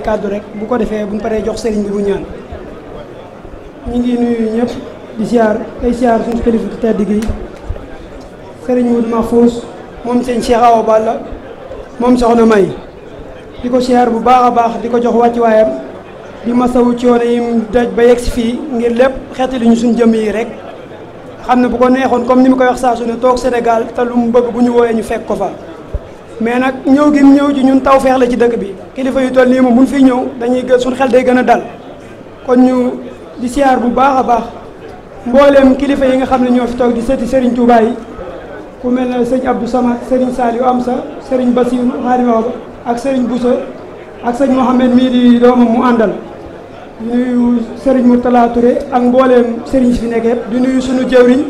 kàddu rek bu ko defee buñ paree jox sëriñ bi bu ñaan ñu ngi nuyu ñëpp di siyaar tey siyaar suñu kilifa ci tedd gi sëriñ Moudou Mahfous moom seen Cheikh Awa Balla moom soxna May di ko siyaar bu baax a baax di ko jox wàcc waayam di masawu coono yi daj ba yegg si fii ngir lépp xeeti li ñu suñ jëm yi rek xam ne bu ko neexoon comme ni mu koy wax saa su toog Sénégal te lu mu bëgg bu ñu wooyee ñu fekk ko fa mais nag ñëw gi ñëw ji ñun tawfeex la ci dëkk bi kilifa yu toll nii moom buñ fiy ñëw dañuy gën suñu xel day gën a dal kon ñu di siyaar bu baax a baax mbooleem kilifa yi nga xam ne ñoo fi toog di sëti Serigne Touba yi ku mel ne sëñ Abdou Samad Serigne Saliou Amsa Serigne Bassirou Xaadim Awa ak Serigne Bousso ak sëñ Mohamed mii di doomam mu àndal di nuyu Serigne Mourtala Touré ak mbooleem Serigne si fi nekk yëpp di nuyu suñu jëwriñ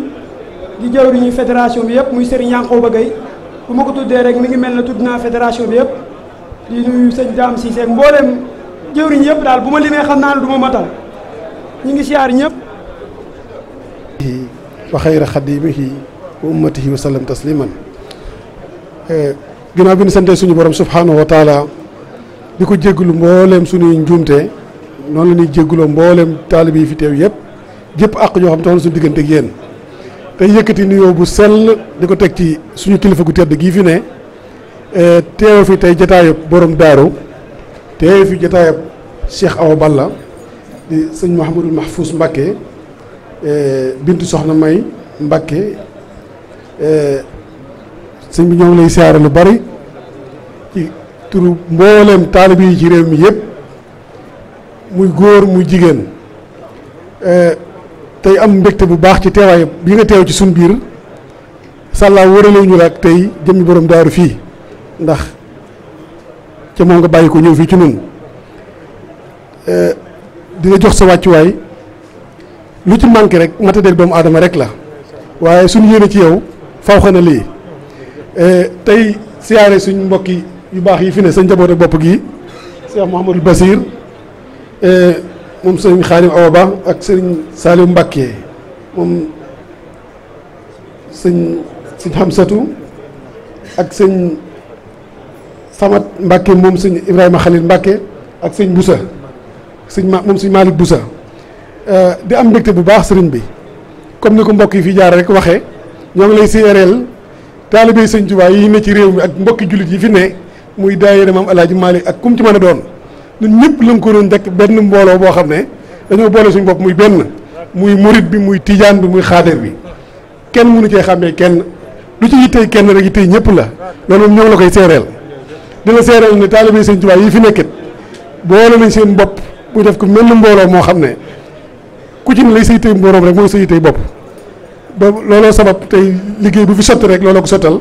di jëwriñu fédération bi yëpp muy Serigne Yankhoba Gueye bu ma ko tuddee rek mi ngi mel na tudd naa fédération bi di nuyu sëñ Dame Cissé ak mboolem jëwriñ yëpp daal bu ma limee xam naa ne du matal ñu ngi siyaar ñëpp. wa xayra xadimihi wa ummatihi wa sallam tasliman ginnaaw bi ñu santee suñu borom subhanahu wa taala di ko jégalu mbooleem suñuy njuumte noonu la ñuy jégaloo mbooleem taalib yi fi teew yëpp jëpp àq ñoo xam ne taxul suñu diggante ak yéen. tey yëkkati nuyoo bu sell di ko teg ci suñu kilifa gu tedd gii fi ne eh, teew fi tey jataayub borom daaru teew fi jataayub Cheikh Awa Balla di sëñ Mouhamadul Mahfous Mbacké eh, bintu soxna May Mbacké eh, sëñ bi ñoo lay siyaare lu bari ci turu mbooleem taalibe yi ci réew mi yëpp muy góor muy jigéen tey am mbégte bu baax ci teewaay bi nga teew ci suñ biir sàllaa wëralewu ñu la ak tey jëmmi borom daaru fii ndax ca moom nga bàyyi ko ñëw fii ci nun eh, dina jox sa wàccuwaay lu ci manqué rek matadeeg doomu aadama rek la waaye suñ yéene ci yow faw xana lii eh, tey siyaare suñ mbokki yu baax yi fi ne sa njaboot ak bopp gi Cheikh Mouhamadul Basir eh, moom sëriñ Xaadim Awa Ba ak sëriñ Saliou Mbacké moom sëñ sëñ Xamsatu ak sëñ Samat Mbacké moom sëñ Ibrahima Khalil Mbacké ak sëñ Boussa sëñ ma moom sëñ Malick Boussa euh, di am mbégte bu baax sëriñ bi comme ni ko mbokki yi fi jaar rek waxee ñoo ngi lay séeréel taalibe sëñ Tuubaa yi ne ci réew mi ak mbokki jullit yi fi ne muy daa daayira Maam Alaaji Maalik ak kum ci mën a doon ñun ñëpp lënkoo nañ rek benn mbooloo boo xam ne dañoo boole suñu bopp muy benn muy murit bi muy tijaan bi muy xaadir bi kenn mënu cee xàmmee kenn lu ci yittee kenn rek yittee ñëpp la loolu moom ñoo la koy seereel di la seereel ne taalibe sëñ Tuubaa yi fi nekkit boole nañ seen bopp bu def ko mel mbooloo moo xam ne ku ci ne lay sa yittee mbooloom rek mooy sa yittee bopp ba looloo sabab tey liggéey bu fi sotti rek looloo ko sottal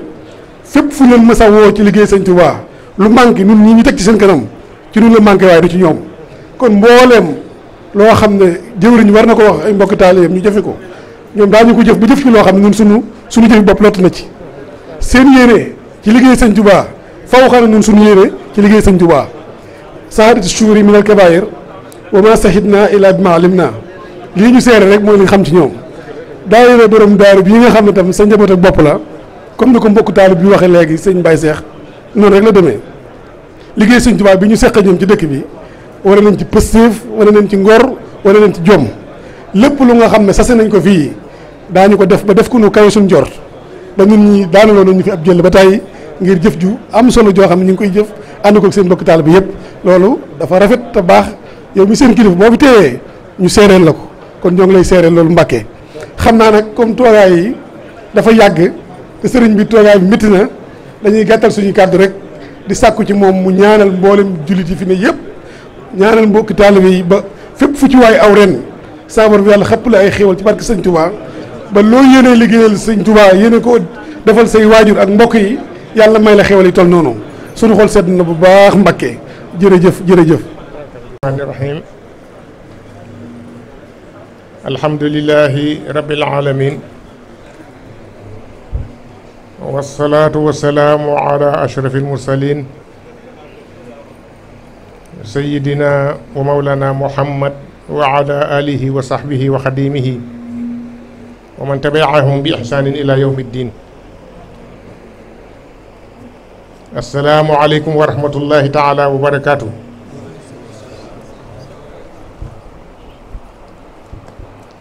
fépp fu leen ma a ci liggéey sëñ Tuubaa lu manqué ñun ñi ñu teg ci seen kanam ci ñun la manqué waaye du ci ñoom kon mbooleem loo xam ne jëwriñ war na ko wax ay mbokk taalibeem ñu jëfe ko ñoom daañu ko jëf bu jëf ci loo xam ne ñun suñu suñu jëf bopp lott na ci seen yéene ci liggéey sëñ Tuubaa faw xam ne ñun ci liggéey sëñ Tuubaa sahadat shuuri min al kabaayir wa ma sahidna illa bima alimna lii ñu seere rek mooy li xam ci ñoom daayira borom daaru bi nga xam ne tam sa njaboot ak bopp la comme ni ko mbokk taalib bi waxee léegi sëñ mbay Seex noonu rek la demee liggéey sëñ Tuubaa bi ñu seq ñoom ci dëkk bi wane nañ ci pëstéef wane nañ ci ngor wane nañ ci jom lépp lu nga xam ne sase nañ ko fii daañu ko def ba def ku nu kawe suñ jor ba ñun ñi daanaloo nañ ñu fi ab jël ba tey ngir jëf ju am solo joo xam ne ñu ngi koy jëf ànd ko ak seen mbokk taal bi yëpp loolu dafa rafet te baax yow mi seen kilifa boo fi teewee ñu seereel la ko kon ñoo ngi lay seereel loolu mbàkkee xam naa nag comme toogaay yi dafa yàgg sëriñ bi toogaay métti na dañuy gàttal suñu kàddu rek di sàkku ci moom mu ñaanal mboolem jullit yi fi ne yëpp ñaanal mbokki taalibe yi ba fépp fu ci waay aw ren saabar bi yàlla xëpp la ay xéewal ci barke sëñ Touba ba loo yéene liggéeyal sëñ Touba yéene ko defal say waajur ak mbokk yi yàlla may la xéewal yi toll noonu suñu xool sedd na bu baax Mbakke jërëjëf jërëjëf. rahmaani rahiim alhamdulillahi rabbil aalamiin wasalaatu wasalaamu ala ashrafi almursalin sayidina wa mawlana muhammad wa ala alihi wa sahbihi wa xadimihi wa man tabiahum bi ihsanin ila yawmi ddin asalaamu aleykum wa rahmatullahi taala wa barakatuh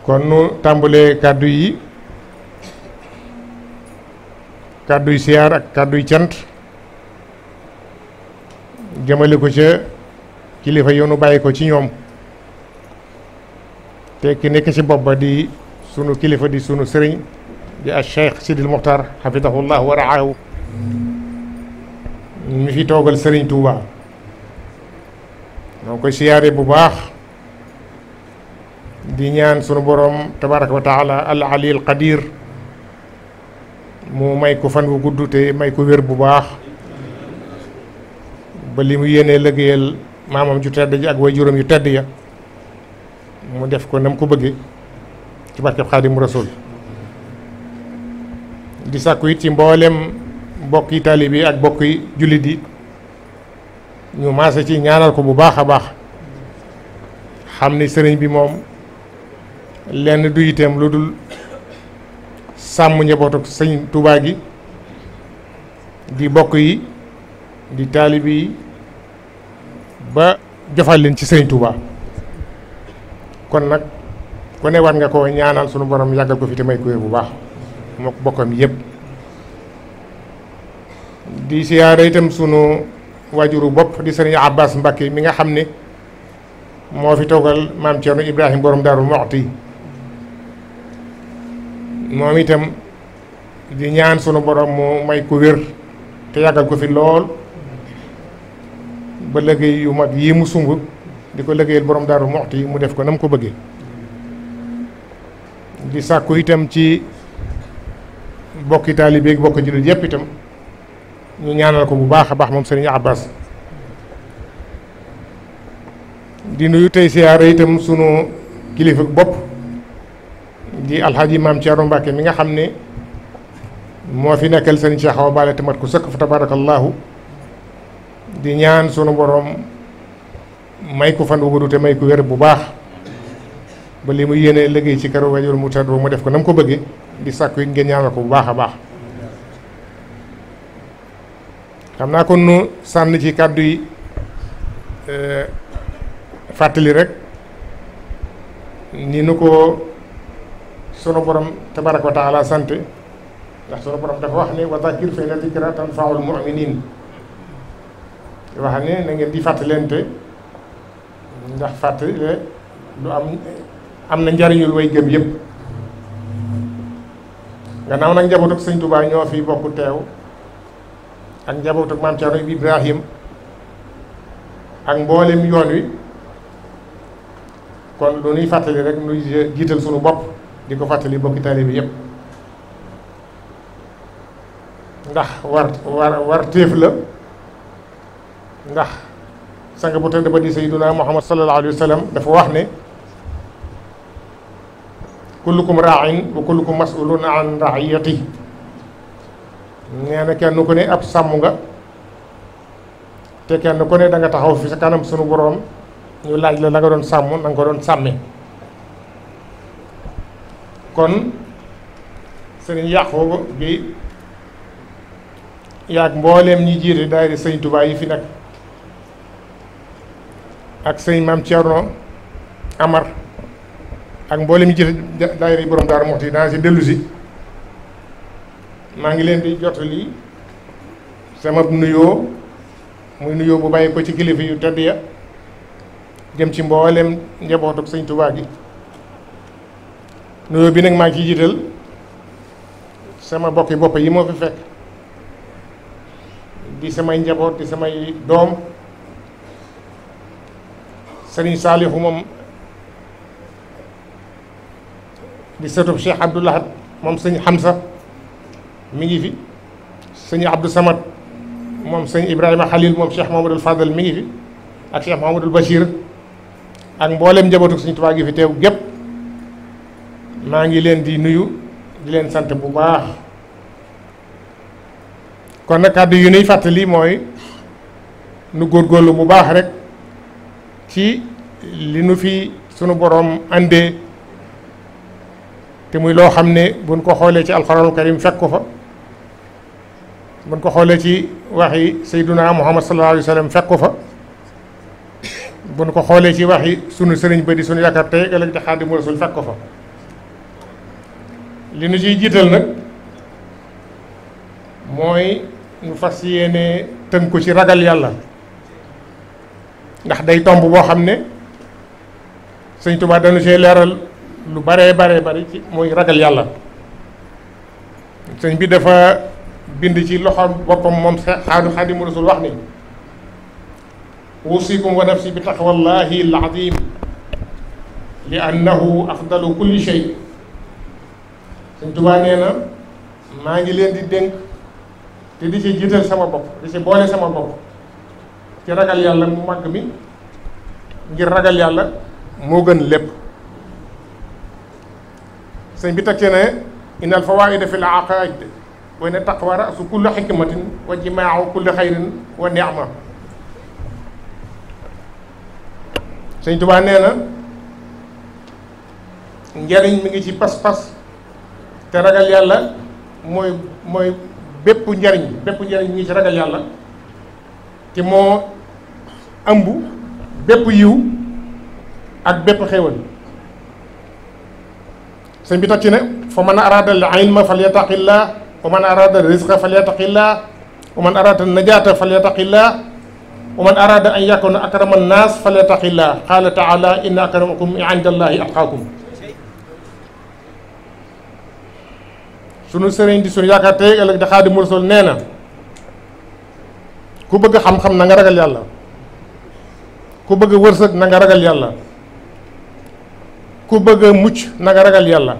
kon nu tàmbalee kàddu yi kàdduy siyaar ak kàdduy cant jëmale ko ca kilifa yoonu bàyyi ko ci ñoom te ki nekk ci bopp ba di sunu kilifa di sunu sëriñ di al cheikh sidil muxtar xafidahullah wa raahu mi fi toogal sëriñ Touba ñoo koy siyaare bu baax di ñaan sunu borom tabaraka wa taala al ali al mu may ko fan wu gudd te may ko wér bu baax ba li mu yéenee liggéeyal maamam ju tedd ji ak way juróom yu tedd ya mu def ko nem ko bëggee ci barkeb Xaadimu Rasuul di sàkku it ci mboolem bokki taalibe yi ak bokki jullit yi ñu maase ci ñaanal ko bu baax a baax xam ni sëriñ bi moom lenn du yiteem lu dul sàmm njabootu sëñ Tuubaa gi di bokk yi di taalibe yi ba jofal leen ci sëñ Tuubaa kon nag ku ne nga ko ñaanal sunu borom yàggal ko fi te may ko bu baax moo bokkam yépp di siyaare itam sunu waajuru bopp di sëriñ Abbas Mbacke mi nga xam ni moo fi toogal maam Thierno Ibrahima borom Daaru yi moom itam di ñaan sunu borom mu may ko wér te yàggal ko fi lool ba liggéey yu mat yii mu sumb di ko liggéeyal borom daaru moxti mu def ko na ko bëggee di sàkku itam ci bokki taalibe bokk jullit yépp itam ñu ñaanal ko bu baax a baax moom sëriñ Abbas di nuyu tey siyaare itam sunu kilifa bopp di alxaaji maam ci Mbacke mi nga xam ne moo fi nekkal sëriñ Cheikh Awa Balla te mat ku sëkk fa tabaarakallaahu di ñaan sunu borom may ko fan bu gudd te may ko wér bu baax ba li mu yéene liggéey ci kër wajur mu tedd mu def ko na ko bëggee di sàkku yi ngeen ñaanal ko bu baax a baax xam naa kon nu sànni ci kàddu yi eh, fàttali rek ni nu ko sunu borom tabaraka wa taala sant ndax sunu borom dafa wax ne wa zakir fa inna zikra tanfaul muminin wax ne na ngeen di fàttalente ndax fàttale lu am am na njariñul way gëm yëpp gannaaw nag njabootu sëñ Tuubaa ñoo fi bokk teew ak njabootu maam Cerno Ibrahim ak mboolem yoon wi kon lu nuy fàttali rek nuy jiital sunu bopp di ko fàttali bokki taalibe yépp ndax war war war téef la ndax sang bu tëdd ba di sayyiduna muhammad sallallahu alayhi wa dafa wax ne kullukum raain wa kullukum masulun an raiyati nee na kenn ku ne ab sàmm nga te kenn ku ne da nga taxaw fi sa kanam sunu boroom ñu laaj la la doon sàmm na ko doon sàmme kon sëriñ Yàqooba bi yaag mbooleem ñi jiite daayira sëñ Tuubaa yi fi nekk ak sëñ Maam Cerno Amar ak mboolem ñi jiite daayira yi borom Daaru Muxti dana si dellu maa ngi leen di jottali sama nuyoo muy nuyoo bu bàyyi ko ci kilifa yu tedd ya jëm ci mboolem njabootu sëñ Tuubaa gi nuyoo bi nag maa ngi ciy jiital sama bokki bopp yi moo fi fekk di samay njaboot di samay doom sëriñ Saalihu moom di sëtub Cheikh Abdoul Ahad moom sëñ Hamza mi ngi fi sëñ Abdou Samad moom sëñ Ibrahima Khalil moom Cheikh Mahamadul Fadal mi ngi fi ak Cheikh Mahamadul Bachir ak mboolem njabootu sëñ Tuubaa gi fi teew gépp maa ngi leen di nuyu di leen sant bu baax kon nag kàddu yu nuy fàttali mooy nu góor góorlu bu baax rek ci li nu fi sunu boroom àndee te muy loo xam ne buñ ko xoolee ci alxuraanul karim fekk ko fa buñ ko xoolee ci waxi sayduna muhammad sallallahu alayhi wa sallam fekk ko fa buñ ko xoolee ci waxi sunu sëriñ ba di sunu yaakaar tey ëllëg di Xaadimu Rasuul fekk ko fa li nu ciy jiital nag mooy nu fas yéene ko ci ragal yàlla ndax day tomb boo xam ne sëñ Tuubaa danu see leeral lu baree baree bari ci mooy ragal yàlla sëñ bi dafa bind ci loxo boppam moom xaadu xaadimu rasul wax ni usikum wa nafsi bi taqwallahi al azim li annahu afdalu kulli shay Sëñ Tuubaa nee na maa ngi leen di dénk te di ci jiital sama bopp di ci boole sama bopp ci ragal yàlla mu màgg mi ngir ragal yàlla moo gën lépp sëñ bi teg ci ne innal fawaida fi l aqaid wa ne taqwa rasu kulli xikmatin wa jimaau kulli xayrin wa neama sëñ Tuubaa nee na njariñ mi ngi ci pas-pas te ragal yàlla mooy mooy bépp njariñ bépp njariñ mi ngi ci ragal yàlla te moo ëmb bépp yiw ak bépp xéewal sëñ bi teg ci ne fa man araada al ilma falyattaqillah wa man araada al rizqa falyattaqillah wa man araada an najaata falyattaqillah wa man araada an yakuna akrama an naas falyattaqillah qaala taala inna akramakum inda allahi atqaakum sunu sëriñ di sunu yaakaar tey ëllëg di Xaadimu Rasuul nee ku bëgg xam-xam na nga ragal yàlla ku bëgg wërsëg na nga ragal yàlla ku bëgg mucc na ragal yàlla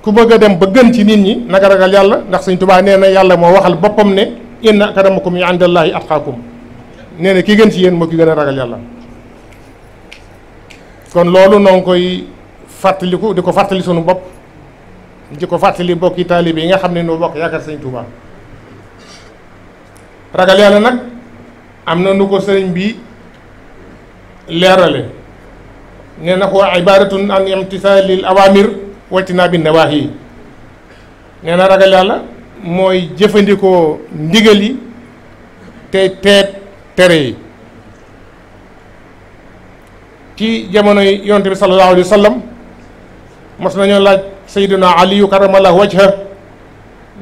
ku bëgg a dem ba gën ci nit ñi na nga ragal yàlla ndax Sëriñ Tuubaa nee na yàlla moo waxal boppam ne inna akramakum indallaahi atqaakum nee na ki gën ci yéen moo ki gën a ragal yàlla kon loolu noo ngi koy fàttaliku di ko fàttali sunu bopp di ko fàttali mbokki taalibe yi nga xam ne noo bokk yaakaar sëñ Touba ragal yàlla nag am na nu ko sëriñ bi leerale nee na ko ibaratun an imtisaalil awaamir wajtinaa bi nawaahi nee na ragal yàlla mooy jëfandikoo ndigal yi te teet tere yi ci jamonoy yonte bi sallallahu alayhi wa sallam mos nañoo laaj sayduna aliyu karamallahu wajha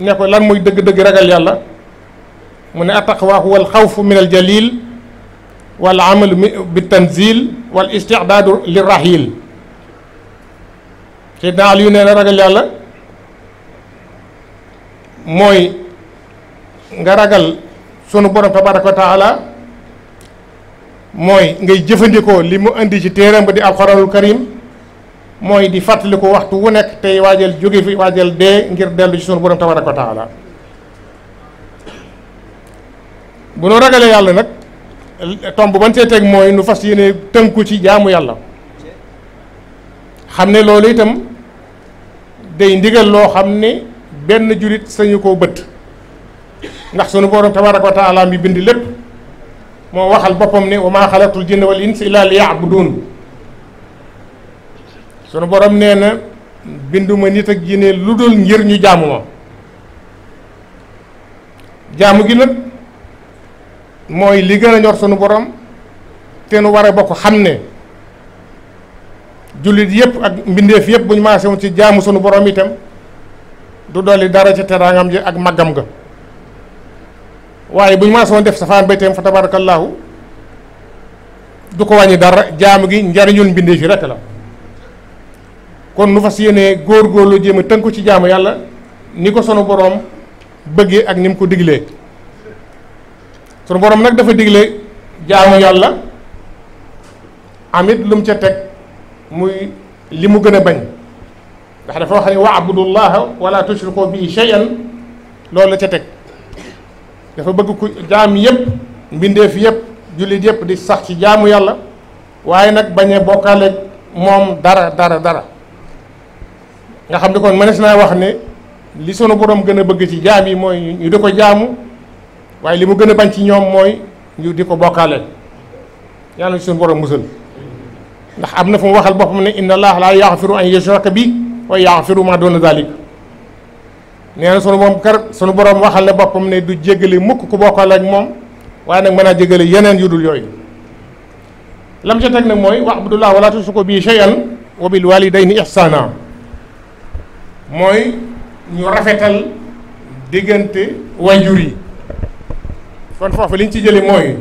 ne ko lan mooy dëgg-dëgg ragal yàlla mu ne attaqwa huwa alxawfu min aljalil wal amalu bi tanzil wal istidaadu lirahil sayduna aliyu nee na ragal yàlla mooy nga ragal sunu borom tabaraka wa taala mooy ngay jëfandikoo li mu indi ci téeram ba di alxuraanul karim mooy di fàttaliku waxtu wu nekk tey waajal jóge fi waajal dee ngir dellu ci sunu borom tabaraka wa taala bu nu ragalee yàlla nag tomb ban see teg mooy nu fas yéene tënku ci jaamu yàlla xam ne loolu itam day ndigal loo xam ne benn jurit sañu koo bët ndax sunu borom tabaraka wa taala mi bind lépp moo waxal boppam ne wa maa xalaqtul jinna wal insa illa li sunu borom nee na binduma nit ak jinne lu dul ngir ñu jaamu ma jaamu gi nag mooy li gën a ñor sunu borom te nu war a bokk xam ne jullit yëpp ak mbindeef yëpp bu ñu maasee woon ci jaamu sunu borom itam du dolli dara ci teraangam ji ak màggam ga waaye bu ñu maasee def safaan ba fa tabaarakallaahu du ko wàññi dara jaamu gi njariñul mbindeef yi rek la. kon nu fas yéenee góorgóorlu jéem a tënku ci jaamu yàlla ni ko sunu boroom bëggee ak ni mu ko diglee sunu boroom nag dafa digle jaamu yàlla amit lu mu ca teg muy li mu gën a bañ ndax dafa wax ne waabudullaha wala tushriku bi shay'an loolu la ca teg dafa bëgg ku jaam yépp mbindeef yépp jullit yépp di sax ci jaamu yàlla waaye nag bañ a bokkaale moom dara dara dara nga xam ne kon mënees naa wax ne li sunu borom gën a bëgg ci jaam yi mooy ñu di ko jaamu waaye li mu gën a bañ ci ñoom mooy ñu di ko bokkaale yàlla ci sunu borom musal ndax am na fu mu waxal boppam ne inna allah laa yaxfiru an yushraka bi wa yaxfiru ma doona dalik nee na sunu moom kar sunu borom waxal ne boppam ne du jéggale mukk ku bokkaale ak moom waaye nag mën a jéggale yeneen yu dul yooyu lam ca teg nag mooy wa abdullah wala tusuko bii shay'an wa bil walidayni ihsana mooy ñu rafetal diggante waajur yi kon foofu li ñu ci jële mooy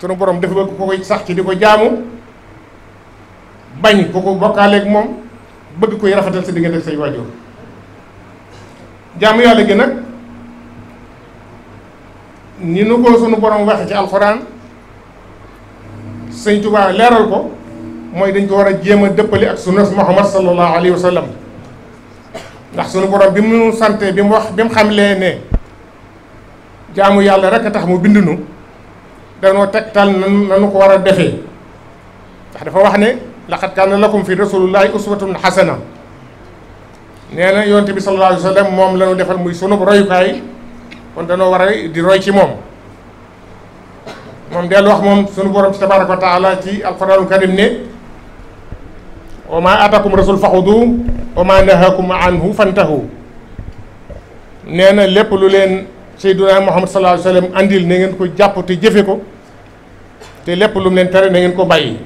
sunu borom dafa bëgg ko koy sax ci di ko jaamu bañ ko ko bokkaaleeg moom bëgg koy rafetal sa diggante ak say waajur jaamu yàlla gi nag ni nu ko sunu borom waxe ci alxuraan sëñ Tuubaa leeral ko mooy dañ ko war a jéem a dëppale ak sunnas Muhammad sallallahu alayhi wa sallam ndax sunu borom bi mu santee bi mu wax bi mu xamlee ne jaamu yàlla rek a tax mu bind nu danoo tegtal nan nanu ko war a defee ndax dafa wax ne laqad kaana lakum fi rasulillahi uswatun xasana nee na yonte bi sallallahu alayhi wa sallam moom la ñu defal muy sunu royukaay kon danoo war a di roy ci moom moom dellu wax moom sunu borom ci tabaraka wa taala ci alquranul karim ne wa ma atakum rasul faxudu wa maa nahaakum anhu fantahu nee na lépp lu leen sayduna muhammad sallallahu alayhi wa andil na ngeen ko jàpp te jëfe ko te lépp lu leen tere na ngeen ko bàyyi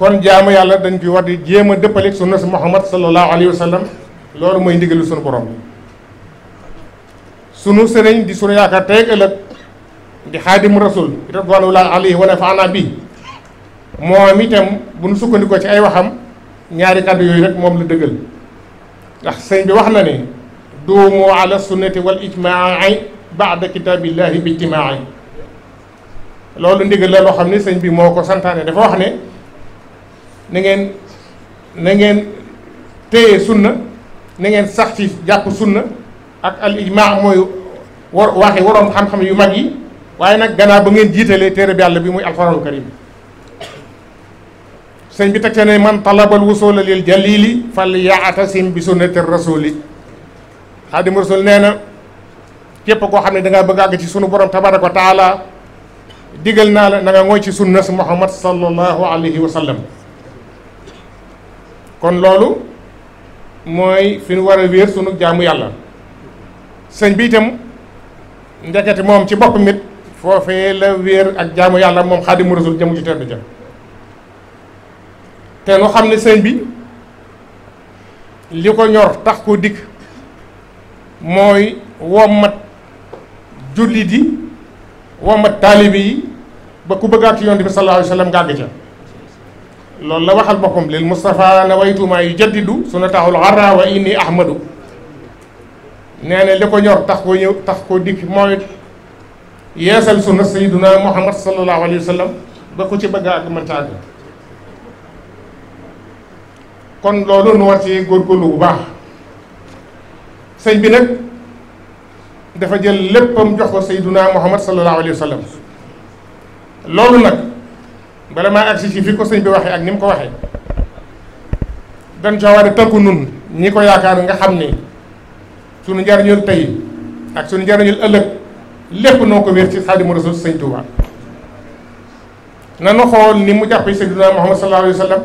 kon jaamu yàlla dañ fi war di jéem a dëppaleeg sunna si muhammad sallallahu alayhi wa sallam loolu mooy ndigalu sunu borom sunu sëriñ di sunu yaakaar tey ëllëg di xaadimu rasul ridwanullahi alayhi wa nafaana bi moom itam bu nu sukkandikoo ci ay waxam ñaari kàddu yooyu rek moom la dëggal ndax sëñ bi wax na ne duumu ala sunnati wal ijmaai baada kitaabillahi bi ijmaai loolu ndigal la loo xam ne sëñ bi moo ko santaane dafa wax na ngeen na ngeen téye sunna na ngeen sax ci sunna ak al ijmaa mooy war waxi waroon xam-xam yu mag yi waaye nag ganaar ba ngeen jiitalee téere bi yàlla bi muy alxuraanul karim sëñ bi teg ca ne man talabal wusula lil jalili fal yaatasim bi sunnati rasuli xaadim rasul nee na képp koo xam ne da ngaa bëgg àgg ci sunu borom tabaraka wa taala digal naa la na mooy ci sunnas muhammad sallallahu alayhi wa sallam kon loolu mooy fi nu war a wéer sunu jaamu yàlla sëñ bi tam ndekete moom ci boppam it foofee la wéer ak jaamu yàlla moom xaadimu rasul jëmu ci tedd ja te nu xam ne sëñ bi li ko ñor tax ko dikk mooy wommat jullit yi wommat taalibe yi ba ku bëggaat ci yonent bi sallallahu alayhi wa sallam nga la waxal boppam lil Moustapha nawaytu maa yujaddidu sunnatahul xarra wa inni ahmadu nee li ko ñor tax ko ñëw tax ko dikk mooy yeesal sunna sayyiduna Muhammad sallallahu alayhi wa sallam ba ku ci bëgg a àgg kon loolu nu war ci góorgóorlu bu baax sëñ bi nag dafa jël léppam jox ko sayduna muhammad sallallahu alayhi wa sallam loolu nag bala maa agsi ci fi ko sëñ bi waxee ak ni mu ko waxee dañ caa war a ko yaakaar nga xam ni sunu njariñul tey ak sunu njariñul ëllëg lépp noo ko wér ci xaadimu rasul sëñ Tuuba nanu xool ni mu jàppee sayduna muhammad sallallahu alayhi wa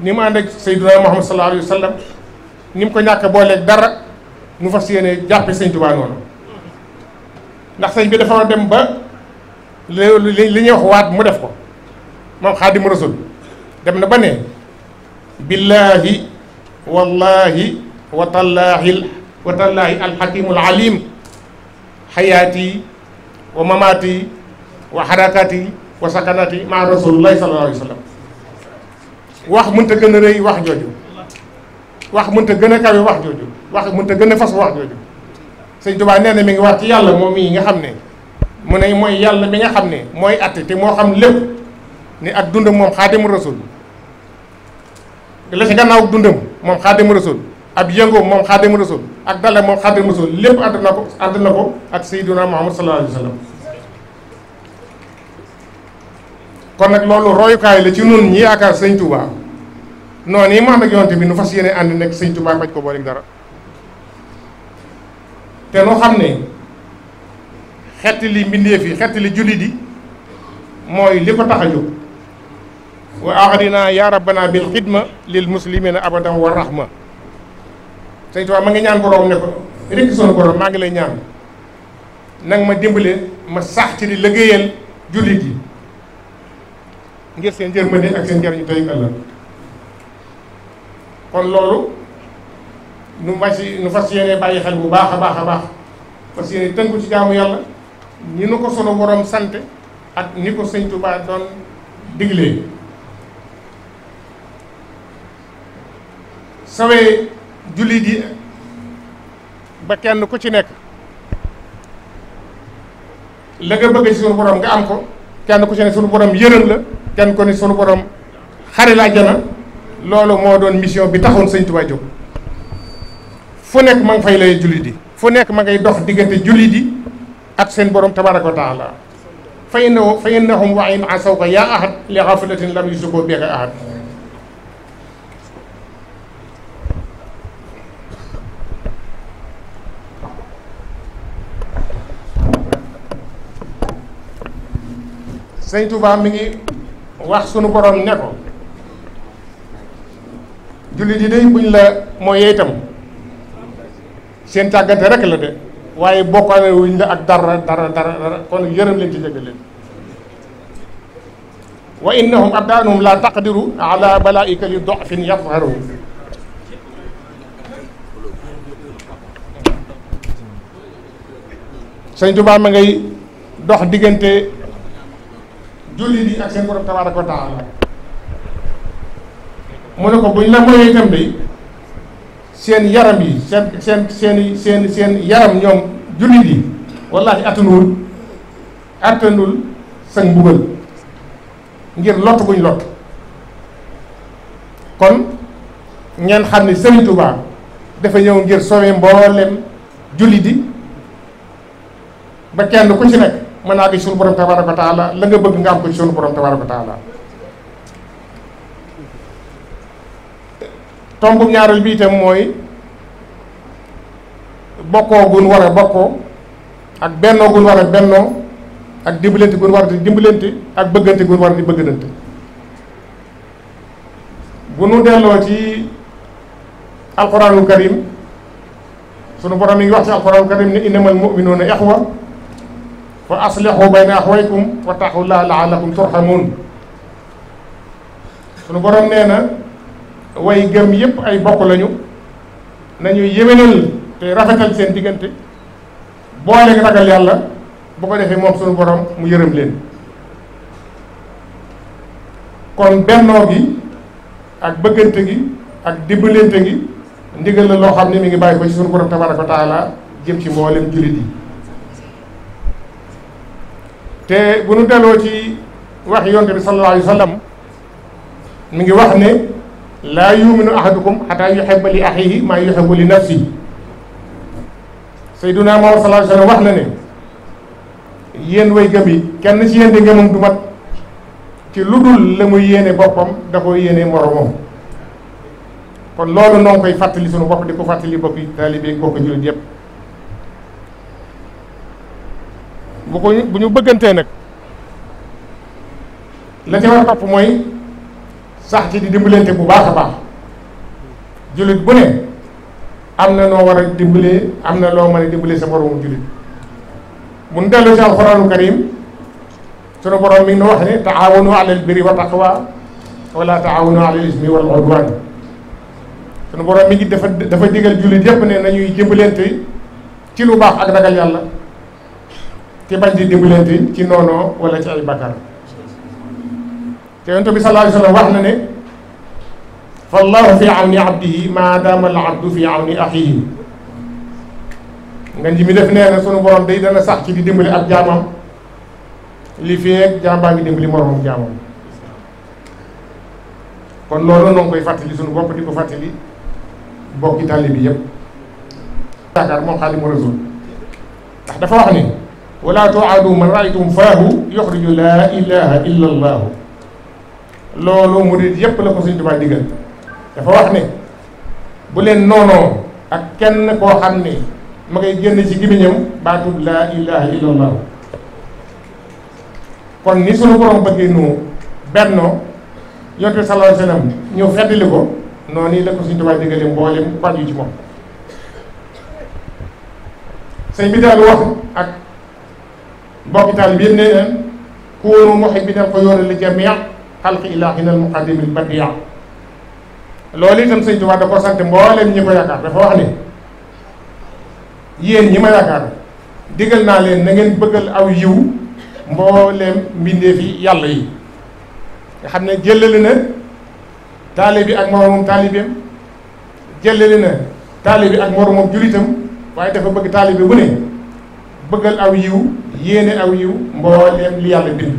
ni mu ànd ak Seydina Muhammad sallallahu alayhi wa sallam ni mu ko ñàkk booleeg dara nu fas yéene jàppe sëñ Tuubaa noonu ndax sëñ bi dafa dem ba li li ñuy wax mu def ko moom Xaadimu Rasuul dem na ba ne billaahi wallaahi wa tallaahi wa tallaahi xayaati wa mamaati wa xarakaati wa sakanaati maa rasulillahi sallallahu alayhi wa sallam wax mënta gën a rëy wax jooju wax mënta gën a kawe wax jooju wax mënta gën a fas wax jooju sëñ Tuubaa nee na mi ngi war ci yàlla moom yi nga xam ne mu ne mooy yàlla mi nga xam ne mooy atte te moo xam lépp ni ak dundam moom xaadimu rasul la ci gannaaw dundam moom xaadimu rasul ab yëngoom moom xaadimu rasul ak dale moom xaadimu rasul lépp àdduna ko àdduna ko ak sayyiduna Muhammad sallallahu alayhi wa kon nag loolu royukaay la ci nun ñi yaakaar sëñ Touba noonu yi mu ànd ak yonte bi nu fas yéene ànd nekk sëñ Touba bañ ko booleeg dara te nu xam ne xett li mbindeef yi li jullit yi mooy li ko tax a jóg wa axrina ya rabbana bil xidma lil muslimina abadan wa rahma sëñ Touba ma ngi ñaan borom ne ko rekk son borom maa ngi lay ñaan nag ma dimbale ma sax ci di liggéeyal jullit yi ngir seen njërmande ak seen njëriñu tey ëllëg kon loolu nu fas nu fas yéene bàyyi xel bu baax a baax a baax fas yéene tënku ci jaamu yàlla ñi nu ko sunu borom sant ak ni ko sëñ Tuubaa doon diglee sawee jullit yi ba kenn ku ci nekk la nga bëgg ci sunu borom nga am ko kenn ku ci nekk sunu borom yërëm la kenn ko ni sunu borom xare la àjjana loolu moo doon mission bi taxoon sëñ Tuubaa jóg fu nekk ma fay lay jullit yi fu nekk ma ngay dox diggante jullit yi ak seen borom tabaaraka wa taala fa innahu fa innahum wa in asawka yaa ahad li xafilatin ngi wax sunu borom ne ko jullit yi day buñ la mooyee itam seen tàggante rek la de waaye bokkaale wuñ la ak dara dara dara dara kon yërëm leen ci jéggal leen wa innahum la taqdiru ala balaika li dofin yadharu sëñ Tuubaa ma ngay dox diggante julli di ak seen borom tabaaraka wa taala mu ne ko buñ la mayee itam de seen yaram yi seen seen seen seen seen yaram ñoom julli yi wallaahi attanuwul attanul sa mbugal ngir lott buñ lott kon ngeen xam ni Sëriñ Tuubaa dafa ñëw ngir sowe mboolem julli di ba kenn ku ci nekk mën naa gi suñu borom tabaaraka wa taala la nga bëgg nga am ko suñu borom tabaaraka wa taala tombu ñaareel bi itam mooy bokkoo gun war a bokkoo ak bennoo gun war bennoo ak dimbalante gun war di dimbalante ak bëggante gun war di bëggante bu nu delloo ci alxuraanul karim sunu borom mi ngi wax ci alxuraanul karim ni innamal mu'minuuna ixwa wa aslihu bayna axwaykum wa taqullaha laalakum turhamun sunu borom nee na way gëm yëpp ay bokk lañu nañu yéwénal te rafetal seen diggante boole ak ragal yàlla bu ko defee moom sunu borom mu yërëm leen kon bennoo gi ak bëggante gi ak dimbalante gi ndigal la loo xam ne mi ngi bàyyi ko ci sunu borom tabaraka wa taala jëm ci mboolem jullit yi te bu delloo ci wax yonte bi sallallahu alayhi wa sallam mi ngi wax ne laa yuminu ahadukum xataa yuhibba li axihi maa yuhibbu li nafsi sayyiduna Muhammad sallallahu alayhi wa sallam wax na ni yéen way gëm kenn ci yéen di ngëmam du mat ci lu dul la muy yéene boppam da koy yéene moromam kon loolu noo ngi koy fàttali sunu bopp di ko fàttali boppi taalibe kooku jullit yépp bu ko bu ñu bëggantee nag la ca war mooy sax ci di dimbalante bu baax a baax jullit bu ne am na noo war a dimbalee am na loo mën a dimbalee sa moromu jullit bu nu dellu ci alxuraanu karim sunu borom mi wax ne taawanu alal birri wa taqwa wala taawanu alal ismi wal udwan sunu borom mi ngi dafa dafa digal jullit yépp ne nañuy dimbalante ci lu baax ak ragal yàlla te bañ di dimbalante ci noonoo wala ci ay bakkar te yonent bi sallallahu alayhi wax na ne fallahu fi awni abdihi ma dama al abdu fi awni axihi nga ji mi def na sunu borom day dana sax ci di dimbali ak jaamam li feeg jaam baa ngi dimbali moromam jaamam kon loolu noo koy fàttali sunu bopp di ko fàttali bokki tàlli bi yépp yaakaar moom Xaadimu Rasuul ndax dafa wax ni wala tuaadu man raaytum faahu yuxriju laa ilaha illa loolu murid yépp la ko Sëñ Tuubaa digal dafa wax ne bu leen noonoo ak kenn koo xam ne ma ngay génn ci gémmiñam baatub laa ilaha illa kon ni sunu borom bëggee nu bennoo yonent bi sallallahu alayhi wa ñëw feddali ko noonu la ko Sëñ Tuubaa digale mboolem yu ci moom sëñ bi wax ak mbokk taalibe bi yéen nee leen kuunu muhibbiina ko yoona li jamii xalqi ilaahinal muqaddimil badiya loolu itam sëñ Tuubaa da ko sant mbooleem ñi ko yaakaar dafa wax ni yéen ñi ma yaakaar digal naa leen na ngeen bëggal aw yiw mbooleem mbindeef yi yàlla yi nga xam ne jëlali na taalibi ak moroomam taalibeem jëlali na taalibi ak moroomam juritam waaye dafa bëgg taalibe bu ne bëggal aw yiw yéene aw yiw mbooleem li yàlla bind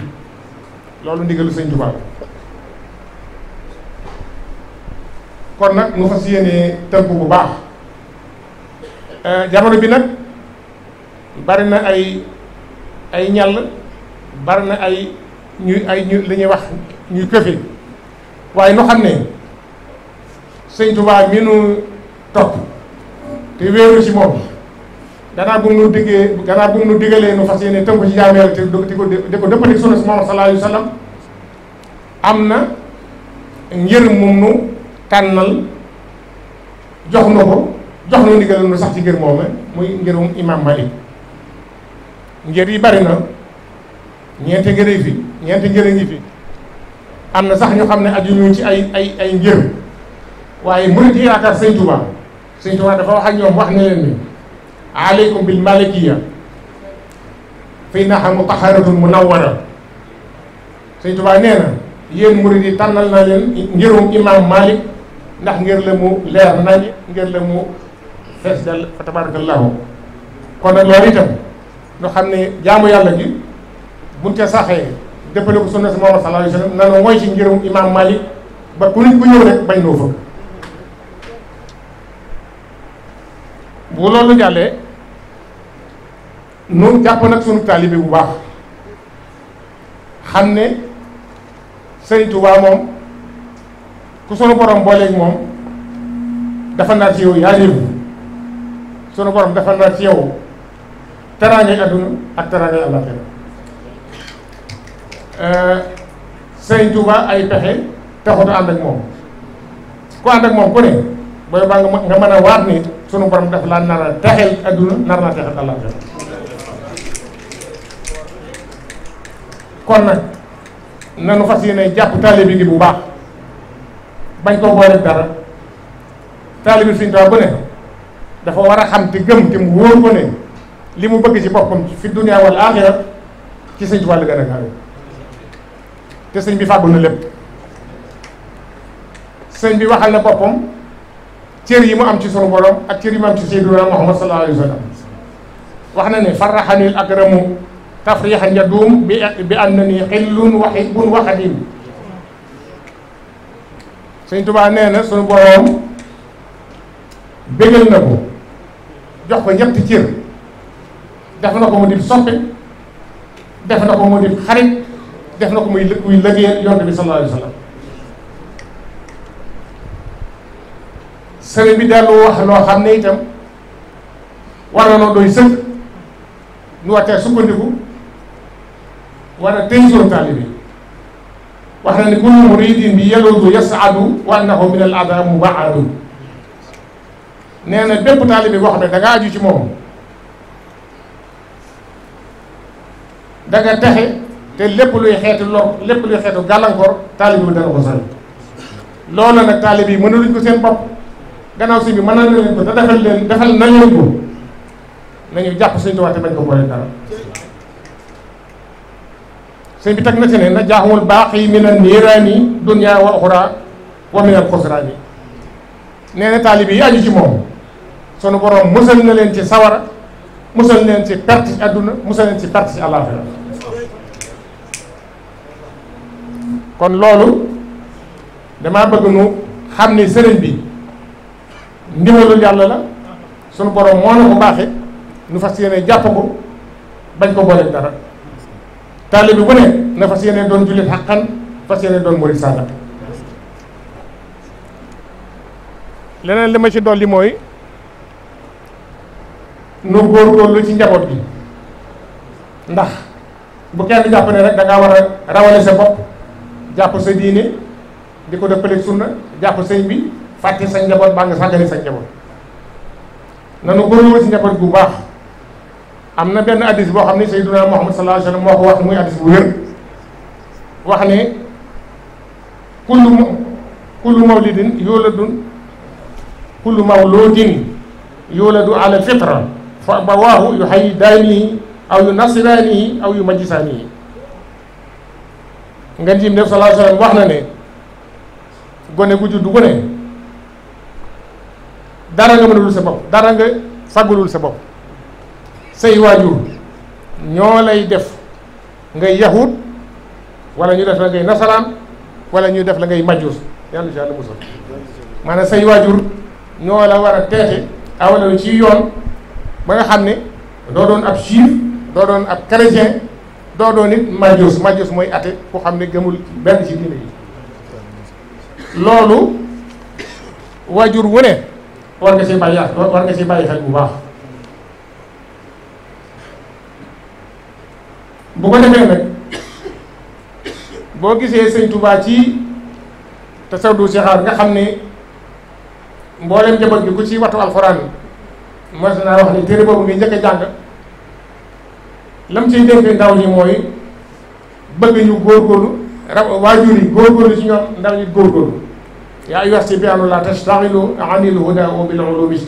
loolu ndigalu sëñ Tuubaa kon nag nu fas yéene tënk bu baax eh, jamono bi nag bari na ay ay ñàll bari na ay ñuy ay ñu li ñuy wax ñuy këfe waaye nu xam ne sëñ Tuubaa mi nu topp te wéeru ci moom gannaaw bu mu nu diggee gannaaw bu mu nu diggalee nu fas yéene tënku ci jaamu yàlla te di ko di ko dëppale si Muhammad sallallahu alayhi wa am na njëriñ moom nu tànnal jox na ko jox na ndigal nu sax ci ngir moome muy ngirum imam Malik ngir yi bari na ñeenti ngir yi fi ñeenti ngir yi fi am na sax ñu xam ne aju ñu ci ay ay ay waaye murid yi yaakaar Sëñ Tuubaa dafa wax ak ñoom wax ne leen aleykum bil malikiya mu innaha mutaharatun munawwara sëñ Tuubaa nee na yéen murid yi tànnal na leen ngirum imam Malik ndax ngir la mu leer nañ ngir la mu fees dal fa tabarakallahu kon nag loolu itam ñu xam ne jaamu yàlla gi buñ ca saxee dëppale ko sunna si Muhammad sallallahu alayhi wa sallam nanu mooy ci ngirum imam Malik ba ku nit ku ñëw rek bañ noo fëgg bu loolu jàllee nun jàpp nag sunu taalibe bu baax xam ne sëriñ Tuubaa moom ku sunu borom booleeg moom dafa naa ci yow yaa yëgu sunu borom dafa naa ci yow teraangay adduna ak teraangay àllaaxira euh, sëriñ Tuubaa ay pexe taxut a ànd ak moom ku ànd ak moom ku ne booy baa nga mën a waat ni sunu borom daf laa nar a texel adduna nar naa texel àllaaxira kon nag nanu fas yéene jàpp taalibe gi bu baax bañ koo boole dara taalibe Sëriñ Tuubaa bu ne dafa war a xam te gëm te mu wóor ko ne li mu bëgg ci boppam fi dunya wal aaxira ci sëñ Tuubaa la gën sëñ bi fàggul na lépp sëñ bi waxal na boppam cër yi mu am ci sunu borom ak cër yi mu am ci Seydina Muhammad sallallahu alayhi wa wax na ne farraxanil akramu tafrixan yaduum bi bi annani xillun waxibun waxadim sëñ Tuubaa nee na sunu boroom bégal na ko jox ko ñetti cër def na ko mu di soppe def na ko mu di xarit def na ko muy muy lëggéeyal yonent bi sallallahu alayhi wa bi dellu wax loo xam ne itam war na noo doy sëkk nu waxtee sukkandiku war a tëysoo taalibe wax na ni kullu muridin bi yaludu yasadu wa annahu min al ada mubaadu nee na bépp taalibe boo xam ne da nga aju ci moom da nga te lépp luy xeetu lor lépp luy xeetu gàllankoor taalibe bi dana ko sori loolu nag taalibe yi mënaluñ ko seen bopp gannaaw si bi mën na leen ko te leen defal na leen ko nañu jàpp suñu tuwaate bañ ko boole dara sëñ bi teg na ci ne na jaaxawul baax yi mi na niiraani dunya wa uxra wa ko minal xusraani nee na taalib yi aju ci moom sunu borom musal na leen ci sawara musal leen ci perte ci àdduna musal leen ci perte ci àllaaxira kon loolu damaa bëgg nu xam ne sëriñ bi ndimalul yàlla la sunu borom moo na ko baaxee nu fas yéene jàpp ko bañ ko booleeg dara taalibe bi ne na fas yéene doon jullit xaqan fas yéene doon murid saada leneen li ma ci dolli mooy nu góorgóorlu ci njaboot bi ndax bu kenn jàpp ne rek da ngaa war a rawale sa bopp jàpp sa diine di ko dëppaleeg sunna jàpp sëñ bi fàtte sa njaboot baa nga sàggane sa njaboot nanu góorgóorlu ci njaboot bu baax am na benn addis boo xam ne sayyiduna Muhammad sallallahu alayhi wa sallam moo ko wax muy addis bu wér wax ne kullu kullu mawlidin yuladun kullu mawludin ala fitra fa abawaahu yu hayyidaanihi aw yu nasiraanihi aw yu majjisaanihi nga njiim def sallallahu alayhi wax na ne gone gu juddu gone dara nga mënalul sa bopp dara nga fàggalul sa bopp say waajur ñoo lay def ngay yahud wala ñu def la ngay nasaraan wala ñu def la ngay majus yàlla incha allah musal maanaam say waajur ñoo la war a teete awalalu ci yoon ba nga xam ne doo doon ab juif doo doon ab chrétien doo doon it majus majus mooy ate ku xam ne gëmul benn ci diine yi loolu waajur wu ne war nga ci bàyyi xel bu baax bu ko defee boo gisee sëñ Touba ci tasawdu sixaar nga xam ne mboolem njaboot bi ku ci waxtu alxuraan si naa wax ni téere boobu ngay njëkk a jàng lam ciy dénk ndaw ñi mooy bëgg ñu góorgóorlu rab waajur yi góorgóorlu ci ñoom ndaw ñi góorgóorlu yaa ayyuha sibyaanu laa tashtaxilu anil hudaa wa bil ulumi bi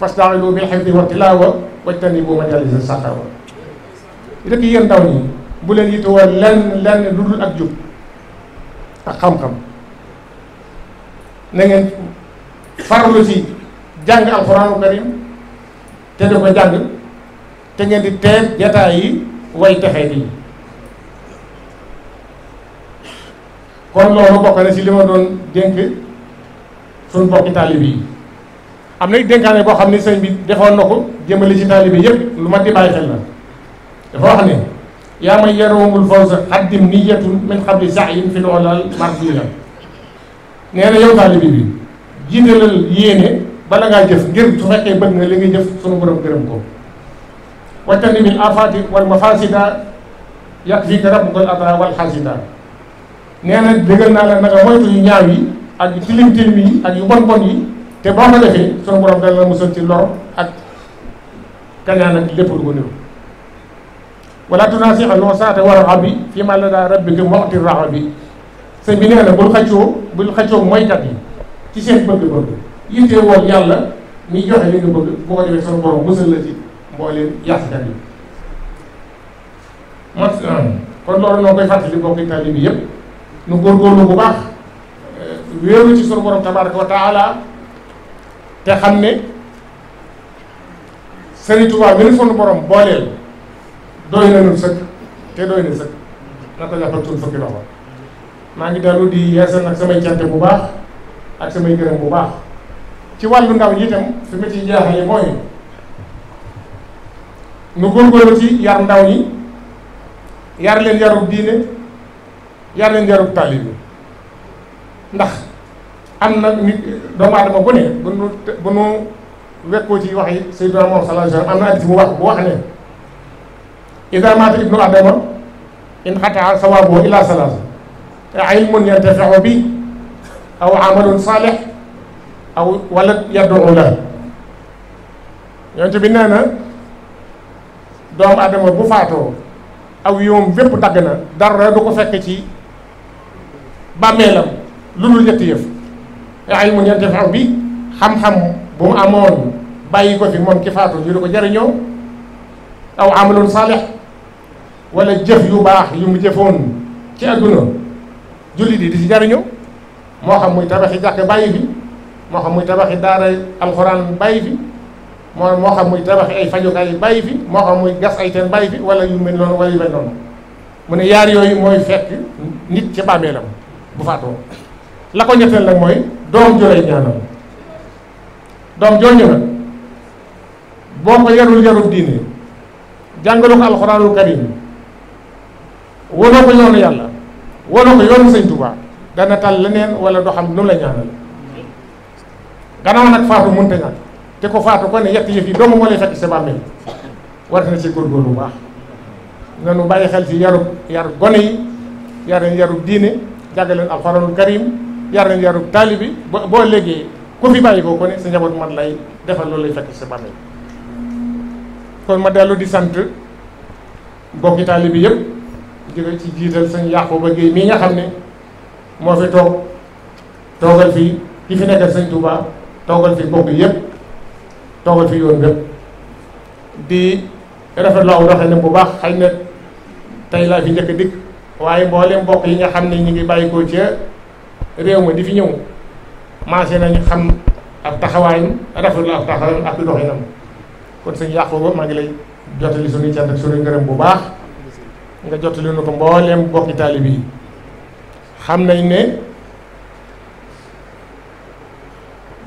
fashtaxilu bil xifdi wa tilaawa sa majaalisa saqaawa rek yéen ndaw ñi bu leen yittewoo lenn lenn lu dul ak jub ak xam-xam na farlu ci jàng alxuraanu karim te di ko jàng te ngeen di teeg jataay yi way texee di kon loolu bokk na ci li ma doon dénk suñ bokki taalibe yi am na dénkaane boo xam ne sëñ bi defoon na ko jëmale ci taalibe yépp lu ma di bàyyi xel la dafa wax ne yaa may yaroomul fawsa addim niyatun min qabli sa'yin fi loolal mardiya nee na yow taalibi bi jiitalal yéene bala ngaa jëf ngir su fekkee bëgg nga li nga jëf sunu borom gërëm ko wattani bil afaati wal mafaasida yakfika rabbukal adaa wal xaasida nee na dëggal naa la nanga moytu yu ñaaw yi ak yu tilim tilim yi ak yu bon bon yi te boo ko defee sunu borom dana la musal ci lor ak kañaan ak lépp ko wala tunaasixa non saate war a bi fii ma la daa rabbi ko waxti raxa bi sëñ bi nee na bul xëccoo bul xëccoo moykat yi ci seen bëgg-bëgg yitte woon yàlla mi joxe li nga bëgg bu ko defee sunu borom musal la ci mbooleem yaaskat yi mat euh, kon loolu noo koy fàttali bokki taalibe bi yëpp nu góorgóorlu bu baax euh, wéeru ci sunu borom tabaraka wa taala te xam ne Sëriñ Tuubaa mi sunu borom booleel doy na nu sëkk te doy na sëkk na ko jàppal suñu loxo maa ngi dellu di yeesal nag samay cante bu baax ak samay gërëm bu baax ci wàllu ndaw yi itam fi ma ciy jeexale mooy nu góorgóorlu ci yar ndaw ñi yar leen yarub diine yar leen yarub taalibe ndax am na nit doomu aadama bu ne bu nu bu nu wekkoo ci wax yi Seydina Muhammad sallallahu alayhi wa sallam am bu wax bu wax ne ida maata ibnu adama in xataa sawaabuhu ila salaasa ilmun yantafiu bi aw amalun saalix aw walad yad'u la yonent bi nee na doomu adama bu faatoo aw yoom bépp dagg na dara du ko fekk ci bàmmeelam lu dul ñetti yëf ilmun yantafiu bi xam-xam bu mu amoon bàyyi ko fi moom ki faatu ñu di ko jëriñoo aw amalun saalix wala jëf yu baax yu mu jëfoon ci adduna jullit yi di ci jariñu moo xam muy tabaxi jàkk bàyyi fi moo xam muy tabaxi daaray moo moo xam muy tabaxi ay fajukaay bàyyi fi moo xam muy gas ay teen bàyyi fi wala yu mel noonu wala yu mel noonu mu ne yaar yooyu mooy fekk nit ci bàmmeelam bu faatoo la ko ñetteel nag mooy doom jooy ñaanal doom jooju nag boo ko yarul yarul diine jàngalu ko alxuraanul karim wóoloo ko yoonu yàlla wóoloo ko yoonu sëñ Tuubaa dana tal leneen wala doxam xam lu mu la ñaanal gannaaw nag faatu mënta ñàkk te ko faatu ko ne yett yëf yi doomu moo lay fekk sa bàmmeel war na ci góorgóor bu baax nanu bàyyi xel ci yarub yarub gone yi yar leen yarub diine jàggaleen alxuraanul karim yar leen yarub taalibi boo boo léegi ku fi bàyyi ko ko ne sa njaboot man lay defal loolu lay fekk sa bàmmeel kon ma dellu di sant bokki taalibi yëpp jóge ci jiital yàqu Yaquba Guèye mii nga xam ne moo fi toog toogal fi ki fi nekkal sëñ Touba toogal fi bokk yëpp toogal fi yoon bépp di rafet aw doxe ne bu baax xëy na tey laa fi njëkk dikk waaye mboolem mbokk yi nga xam ne ñu ngi bàyyi ko ca réew ma di fi ñëw marché nañu xam ak taxawaayam rafetlu ab taxawaayam ak doxinam kon sëñ ba maa ngi lay jottali suñuy cant ak suñuy ngërëm bu baax nga jottali na ko mbooleem bokki taalib yi xam nañ ne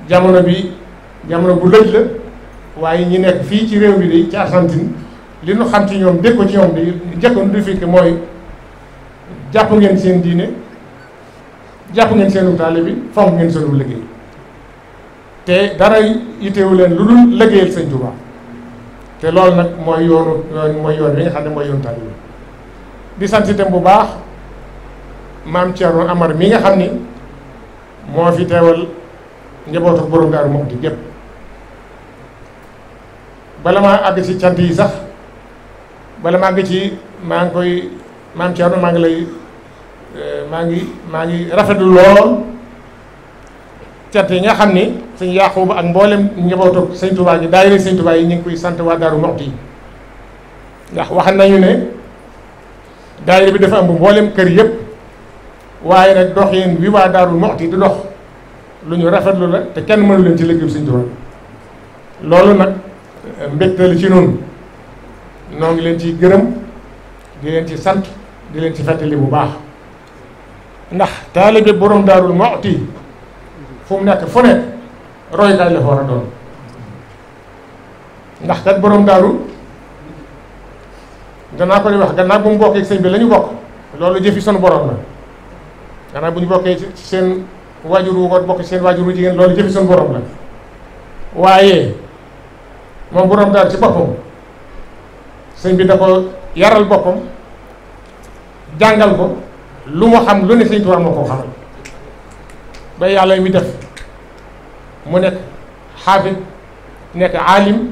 jamono bi jamono bu lëj la waaye ñi nekk fii ci réew mi di ci Argentine li nu xam ci ñoom dégg ko ci ñoom di njëkkoon du fikk mooy jàpp ngeen seen diine jàpp ngeen seenu taalibe bi fonk ngeen seenu liggéey te dara yitewu leen lu dul liggéeyal Sëñ Tuubaa te loolu nag mooy yoonu mooy yoon wi nga xam ne mooy yoonu taalibe di sant itam bu baax maam Thierno Amar mii nga xam ni moo fi teewal njabootu borom daaru moom di gépp bala maa àgg ci cant yi sax bala maa àgg ci maa ngi koy maam Thierno maa ngi lay eh, maa ngi maa ngi rafetlu lool cant yi nga xam ni sëñ Yaquuba ak mboolem njabootu sëñ Tuubaa gi daayira sëñ Tuubaa yi ñu ngi koy sant waa daaru moxti yi ndax wax nañu ne daayira bi dafa am bu mbooleem kër yépp waaye nag doxin wi waa Daaru Muxti di dox lu ñu rafetlu la te kenn mënu leen ci liggéey bi Sëñ Tuubaa loolu nag eh, mbégte la ci noonu noo ngi leen ci gërëm di leen ci sant di leen ci fàttali bu baax ndax taalibe borom Daaru Muxti fu mu nekk fu nekk royukaay la fa war doon ndax kat borom daaru danaa ko di wax gannaaw bu mu bokkee sëñ bi la bokk loolu jëfi sunu borom la gannaaw bu ñu bokkee ci seen waajur wu ko bokk seen waajur wu jigéen loolu jëfi sunu borom la waaye moom borom daal ci boppam sëñ bi da yaral boppam jàngal ko lu mu xam lu ne sëñ Tuubaa moo ko xamal ba yàlla mi def mu nekk xaafid nekk aalim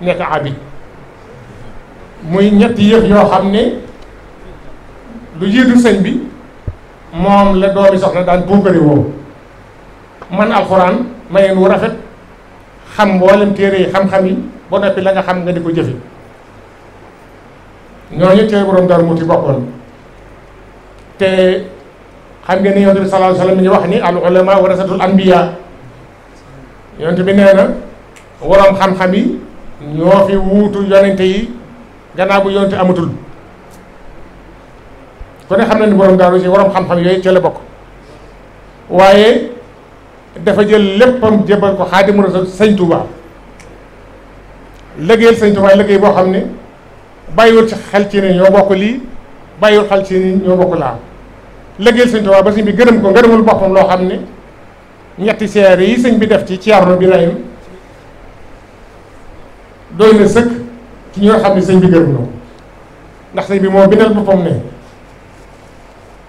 nekk abid muy ñetti yëf yoo xam ne lu jiitu sëñ bi moom la doomi soxna daan buukari woo man alxuraan mayeen wu rafet xam mboolem téere yi xam-xam yi ba noppi la nga xam nga di ko jëfe ñooñu téere borom Daaru Muxti bokkoon te xam ngeen ni yonent bi sallallahu alayhi wa sallam wax ni al ulama warasatul anbiya yonent bi nee na waroom xam-xam yi ñoo fi wuutu yonente yi gannaaw bu yonte amatul ku ne xam na ni borom daaru si xam-xam yooyu ca bokk waaye dafa jël léppam jébal ko xaadimu rasul sëñ Tuubaa liggéeyal sëñ Tuubaa liggéey boo xam ni bàyyiwul ci xel ci ne ñoo bokk lii bàyyiwul xel ci ne ñoo bokk laa liggéeyal sëñ Tuubaa ba sëñ bi gërëm ko ngërëmul boppam loo xam ne ñetti seere yi sëñ bi def ci Ceerno Birahim doy na sëkk ci ñoo xam ne sëñ bi gërëm na ndax sëñ bi moo bindal boppam ne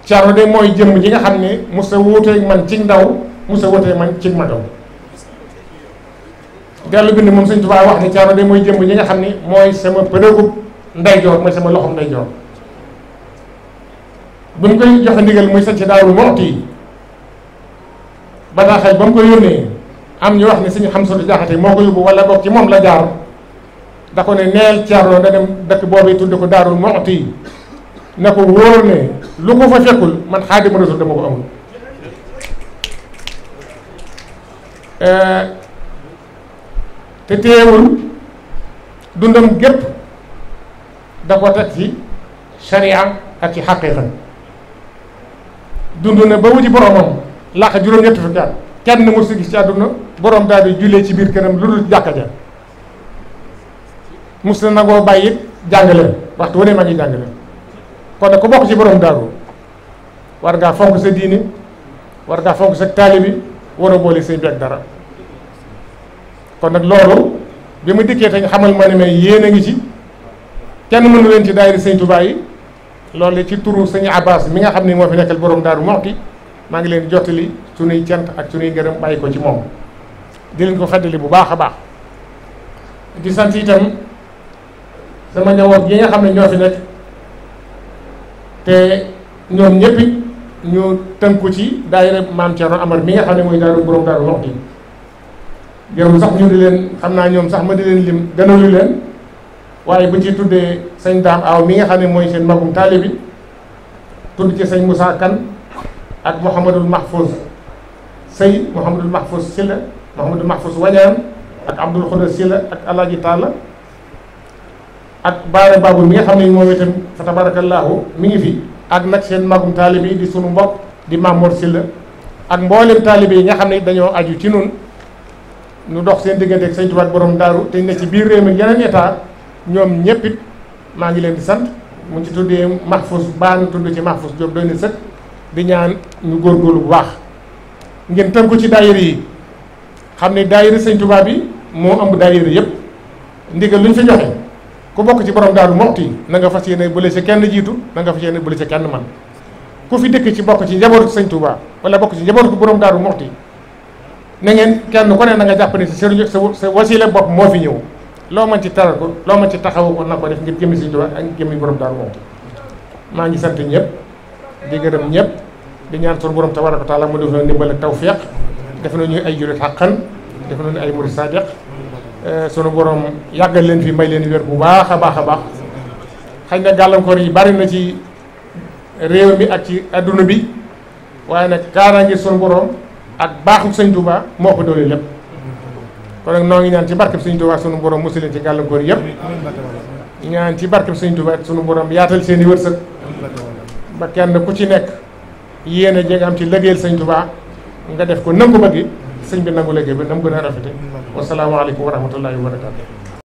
Thiarou de mooy jëmm ji nga xam ni mu sa wóoteeg man ci ndaw mu sa wóoteeg man ci ma daw dellu bind moom sëñ Tuubaa wax ne Thiarou de mooy jëmm ñi nga xam ne mooy sama pédagogue ndeyjoor mooy sama loxom ndeyjoor bu mu koy joxe ndigal muy sañ ci daawul moxti yi bataaxal ba mu ko yónnee am ñu wax ne suñu xam sulu jaxate moo ko yóbbu wala boog ci moom la jaar da ko ne neel Ceerno da dem dëkk boobu tudde ko Daarul Muxti na ko wóor ne lu ko fa fekkul man Xaadimu Rasuul dama ko amul eh, te teewul dundam gépp da ko teg ci sariya ak ci xaqiiqa dund na ba wuti boromam làq juróom-ñetti fukki at kenn mu si gis ci àdduna borom daal di jullee ci biir këram lu dul jàkka ja mos na nangoo bàyyi it jàngale waxtu wu ne ma ngi jàngale kon nag ku bokk ci borom daaru war ngaa fonk sa diini war ngaa fonk sa taalibi war a boole say beeg dara kon nag loolu bi mu dikkee te xamal ma ne may yéen a ngi ci kenn mënu leen ci daayira sëñ Tuubaa yi loolu ci turu sëñ Abbas mi nga xam ne moo fi nekkal borom daaru Muxti maa ngi leen jottali sunuy cant ak sunuy ngërëm bàyyi ko ci moom di leen ko feddali bu baax a baax di sama njaboot gi nga xam ne ñoo fi nekk te ñoom ñëpp ñu tënku ci daayira maam Thierno Amar mi nga xam ne mooy daaru borom daaru lox di yow sax ñu di leen xam naa ñoom sax ma di leen lim gënalu leen waaye bu ci tuddee sëñ daam aaw mi nga xam ne mooy seen magum taalibi tudd ci sëñ Moussa Kane ak Mouhamadul Mahfouz sëy Mouhamadul Mahfouz Silla Mouhamadul Mahfouz Wañaan ak Abdoul Khoudous Silla ak Alaaji Talla ak baare baabu mi nga xam ne moom itam fa tabarakallahu mi ngi fi ak nag seen magum taalibe yi di sunu mbokk di Mamour Sylla ak mboolem taalibe yi nga xam ne dañoo aju ci nun ñu dox seen diggante ak Sëñ Tuubaa borom daaru te ne ci biir réew mi yeneen état ñoom ñëpp maa ngi leen di sant mu ci tuddee Mahfous baa nu tudd ci Mahfous Diop doy na sëkk di ñaan ñu góorgóorlu bu baax ngeen tënku ci daayira yi xam ne daayira Sëñ Tuubaa bi moo ëmb daayira yëpp ndigal lu ñu ku bokk ci borom daaru moxti na nga fas yéene bële si kenn jiitu na nga fas yéene bële si kenn man ku fi dëkk ci bokk ci njabootu sëñ Touba wala bokk ci njabootu borom daaru moxti na ngeen kenn ku ne na nga jàpp ne si sa sa wasila bopp moo fi ñëw loo mën ci taral ko loo mën ci taxawu ko na ko def ngir jëmmi sëñ Touba ak jëmmi borom daaru moxti maa ngi sant ñëpp di gërëm ñëpp di ñaan suñu borom tabaraka taala mu def na ndimbal ak tawfiq def nañu ay julit xaqan def nañu ay murid sadiq Euh, sunu borom yàggal leen fi may leen wér bu baax a baax a baax xëy na gàllankoor yi bari na ci réew mi ak ci adduna bi waaye nag kaaraange sunu borom ak baaxu sëñ Touba moo ko doole lépp kon nag ñaan ci barkeb sëñ Touba sunu borom musul leen ci gàllankoor yëpp ci barkeb sëñ Touba sunu borom yaatal seen i wërsëg ba kenn ku ci nekk yéene jega am ci liggéeyal sëñ Touba nga def ko nangu bëgg sëñ bi nangu liggéey bi na mu gën a rafete mm-hmm. wasalaamaaleykum wa rahmatullahi